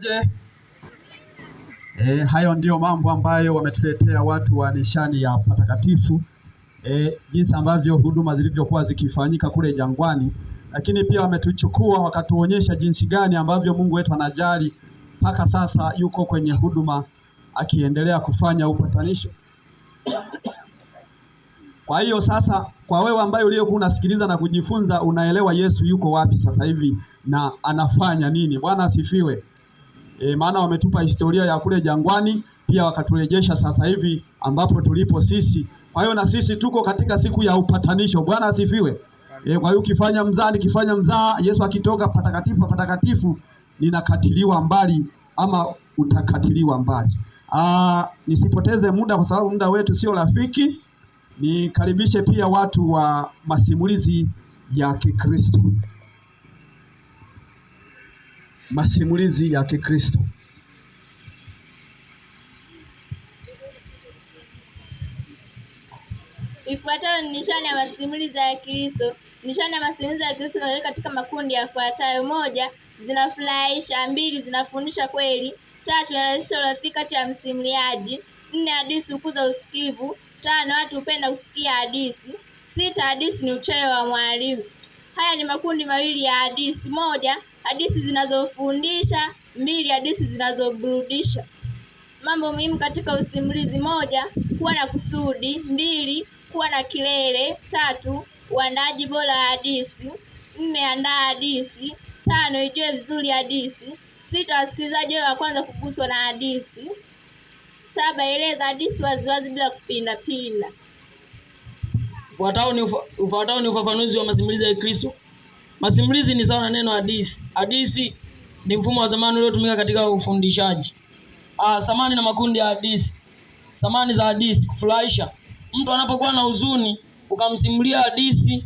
Fanyeje? E, hayo ndiyo mambo ambayo wametuletea watu wa nishani ya patakatifu e, jinsi ambavyo huduma zilivyokuwa zikifanyika kule jangwani, lakini pia wametuchukua wakatuonyesha jinsi gani ambavyo Mungu wetu anajali mpaka sasa yuko kwenye huduma akiendelea kufanya upatanisho. Kwa hiyo sasa, kwa wewe ambaye uliyokuwa unasikiliza na kujifunza, unaelewa Yesu yuko wapi sasa hivi na anafanya nini. Bwana asifiwe e, maana wametupa historia ya kule jangwani, pia wakaturejesha sasa hivi ambapo tulipo sisi. Kwa hiyo na sisi tuko katika siku ya upatanisho. Bwana asifiwe. E, kwa hiyo ukifanya mzaa nikifanya mzaa, Yesu akitoka patakatifu patakatifu, ninakatiliwa mbali ama utakatiliwa mbali. Aa, nisipoteze muda kwa sababu muda wetu sio rafiki. Nikaribishe pia watu wa masimulizi ya Kikristo masimulizi ya Kikristo. Ifuatayo ni nishani ya masimulizi ya Kristo. Nishani ya masimulizi ya Kristo inaweka katika makundi yafuatayo: moja, zinafurahisha; mbili, zinafundisha kweli; tatu, yanarahisisha urafiki kati ya msimuliaji; nne, hadithi hukuza usikivu; tano, watu hupenda kusikia hadithi; sita, hadithi ni uchawi wa mwalimu. Haya ni makundi mawili ya hadithi: moja, hadithi zinazofundisha; mbili, hadithi zinazoburudisha. Mambo muhimu katika usimulizi: moja, kuwa na kusudi; mbili, kuwa na kilele; tatu, uandaaji bora wa hadithi; nne, andaa hadithi; tano, ijue vizuri hadithi; sita, wasikilizaji wa kwanza kuguswa na hadithi; saba, eleza hadithi waziwazi bila kupindapinda. Ufuatao ni, ufa, ufuatao ni ufafanuzi wa masimulizi ya Kristo. Masimulizi ni sawa na neno hadithi. Hadithi ni mfumo wa zamani uliotumika katika ufundishaji. Ah, samani na makundi ya hadithi. Samani za hadithi kufurahisha. Mtu anapokuwa na huzuni ukamsimulia hadithi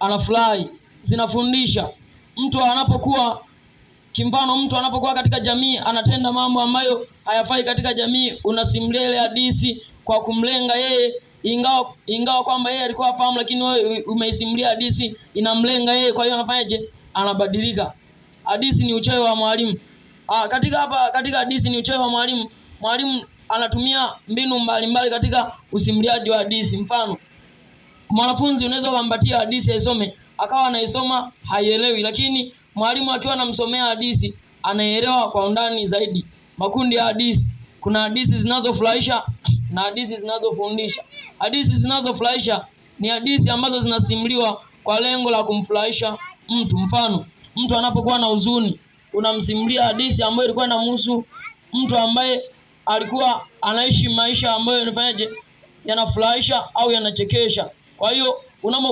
anafurahi, zinafundisha. Mtu anapokuwa kimfano, mtu anapokuwa katika jamii anatenda mambo ambayo hayafai katika jamii, unasimulia ile hadithi kwa kumlenga yeye ingawa ingawa kwamba yeye alikuwa afahamu, lakini wewe umeisimulia hadithi inamlenga yeye, kwa hiyo anafanyaje? Anabadilika. Hadithi ni uchawi wa mwalimu. Ah, katika hapa katika hadithi ni uchawi wa mwalimu. Mwalimu anatumia mbinu mbalimbali mbali katika usimuliaji wa hadithi. Mfano, mwanafunzi unaweza kumpatia hadithi aisome, akawa anaisoma haielewi, lakini mwalimu akiwa anamsomea hadithi anaelewa kwa undani zaidi. Makundi ya hadithi: kuna hadithi zinazofurahisha na hadithi zinazofundisha. Hadithi zinazofurahisha ni hadithi ambazo zinasimuliwa kwa lengo la kumfurahisha mtu. Mfano, mtu anapokuwa na huzuni, unamsimulia hadithi ambayo ilikuwa inamhusu mtu ambaye alikuwa anaishi maisha ambayo yanafanyaje, yanafurahisha au yanachekesha. Kwa hiyo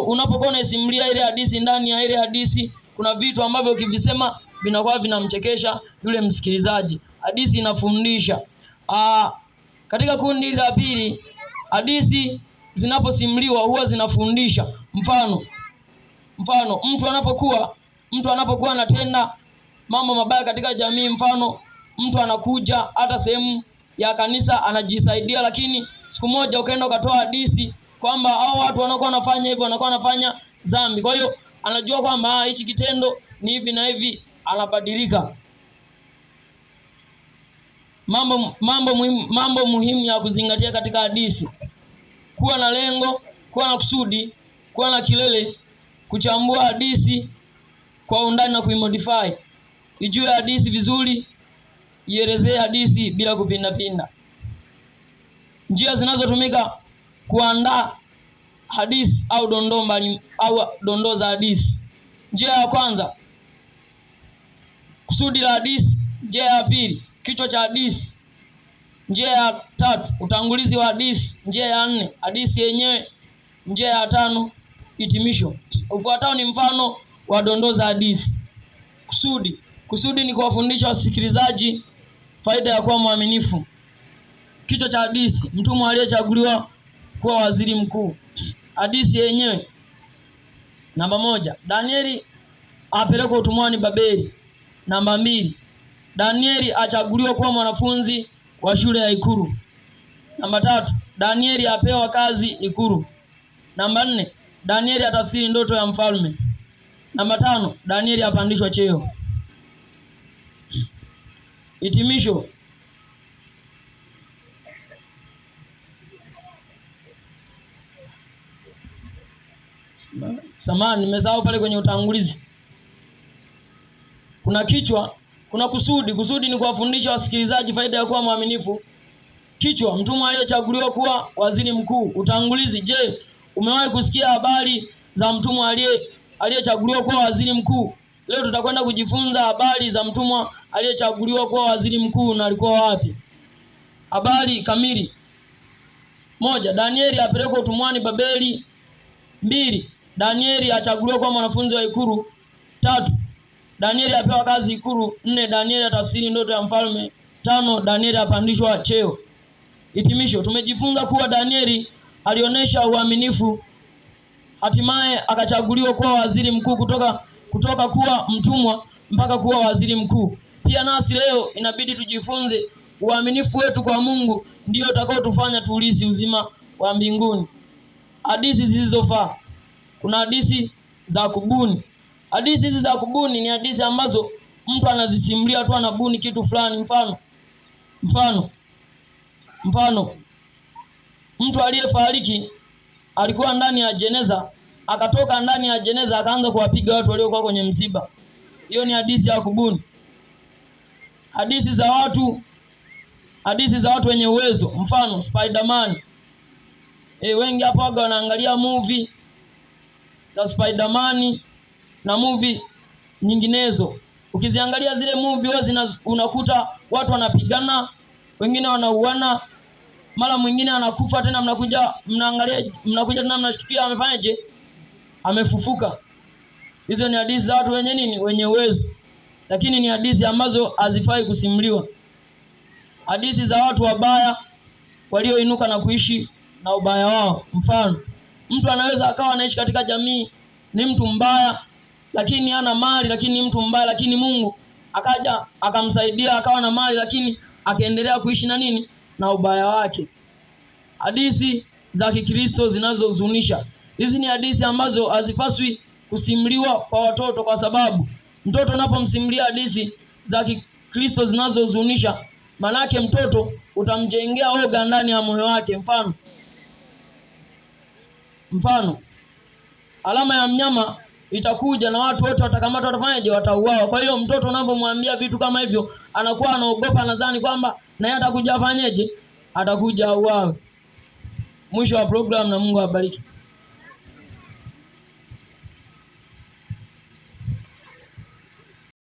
unapokuwa unaisimulia ile hadithi, ndani ya ile hadithi kuna vitu ambavyo ukivisema vinakuwa vinamchekesha yule msikilizaji. Hadithi inafundisha. Aa, katika kundi la pili Hadithi zinaposimuliwa huwa zinafundisha. Mfano, mfano mtu anapokuwa mtu anapokuwa anatenda mambo mabaya katika jamii, mfano mtu anakuja hata sehemu ya kanisa anajisaidia, lakini siku moja ukaenda ukatoa hadithi kwamba hao watu wanakuwa wanafanya hivyo wanakuwa wanafanya dhambi. Kwa hiyo anajua kwamba ah, hichi kitendo ni hivi na hivi, anabadilika. Mambo, mambo, muhimu, mambo muhimu ya kuzingatia katika hadithi: kuwa na lengo, kuwa na kusudi, kuwa na kilele, kuchambua hadithi kwa undani na kuimodify, ijue hadithi vizuri, ielezee hadithi bila kupindapinda. Njia zinazotumika kuandaa hadithi au dondoo mbali au dondoo za hadithi. Njia ya kwanza, kusudi la hadithi. Njia ya pili kichwa cha hadithi. Njia ya tatu, utangulizi wa hadithi. Njia ya nne, hadithi yenyewe. Njia ya tano, hitimisho. Ufuatao ni mfano wa dondoo za hadithi. Kusudi. Kusudi ni kuwafundisha wasikilizaji faida ya kuwa mwaminifu. Kichwa cha hadithi, mtumwa aliyechaguliwa kuwa waziri mkuu. Hadithi yenyewe. Namba moja, Danieli apelekwa utumwani Babeli. Namba mbili, Danieli achaguliwe kuwa mwanafunzi wa shule ya Ikulu. Namba tatu, Danieli apewa kazi Ikulu. Namba nne, Danieli atafsiri ndoto ya mfalme. Namba tano, Danieli apandishwa cheo. Hitimisho. Samahani, nimesahau pale kwenye utangulizi kuna kichwa kuna kusudi. Kusudi ni kuwafundisha wasikilizaji faida ya kuwa mwaminifu. Kichwa: mtumwa aliyechaguliwa kuwa waziri mkuu. Utangulizi: je, umewahi kusikia habari za mtumwa aliyechaguliwa kuwa waziri mkuu? Leo tutakwenda kujifunza habari za mtumwa aliyechaguliwa kuwa waziri mkuu na alikuwa wapi. Habari kamili: moja, Danieli apelekwa utumwani Babeli. Mbili, Danieli achaguliwa kuwa mwanafunzi wa ikulu. Tatu, Danieli apewa kazi Ikulu. Nne, Danieli atafsiri ndoto ya mfalme. Tano, Danieli apandishwa cheo. Hitimisho, tumejifunza kuwa Danieli alionyesha uaminifu, hatimaye akachaguliwa kuwa waziri mkuu kutoka, kutoka kuwa mtumwa mpaka kuwa waziri mkuu. Pia nasi leo inabidi tujifunze uaminifu wetu kwa Mungu ndio utakaotufanya tulisi uzima wa mbinguni. Hadithi zisizofaa. Kuna hadithi za kubuni. Hadithi hizi za kubuni ni hadithi ambazo mtu anazisimulia tu, anabuni kitu fulani. Mfano, mfano, mfano, mtu aliyefariki alikuwa ndani ya jeneza, akatoka ndani ya jeneza akaanza kuwapiga watu waliokuwa kwenye msiba. Hiyo ni hadithi ya kubuni. Hadithi za watu, hadithi za watu wenye uwezo, mfano Spider-Man. E, wengi hapo waga wanaangalia movie za Spider-Man na movie nyinginezo. Ukiziangalia zile movie zina unakuta watu wanapigana, wengine wanauana, mara mwingine anakufa tena, mnakuja mnaangalia, mnakuja tena mnashtukia amefanyaje, amefufuka. Hizo ni hadithi za watu wenye nini, wenye uwezo, lakini ni hadithi ambazo hazifai kusimuliwa, hadithi za watu wabaya walioinuka na kuishi na ubaya wao. Mfano, mtu anaweza akawa anaishi katika jamii, ni mtu mbaya lakini hana mali, lakini mtu mbaya, lakini Mungu akaja akamsaidia akawa na mali, lakini akaendelea kuishi na nini na ubaya wake. Hadithi za Kikristo zinazohuzunisha hizi ni hadithi ambazo hazipaswi kusimuliwa kwa watoto, kwa sababu mtoto unapomsimulia hadithi za Kikristo zinazohuzunisha, manake mtoto utamjengea oga ndani ya moyo wake. Mfano, mfano alama ya mnyama itakuja na watu wote watakamata watafanyaje? Watauawa. Kwa hiyo mtoto unapomwambia vitu kama hivyo, anakuwa anaogopa, nadhani kwamba naye atakuja afanyeje? Atakuja auawe. Mwisho wa program, na Mungu awabariki.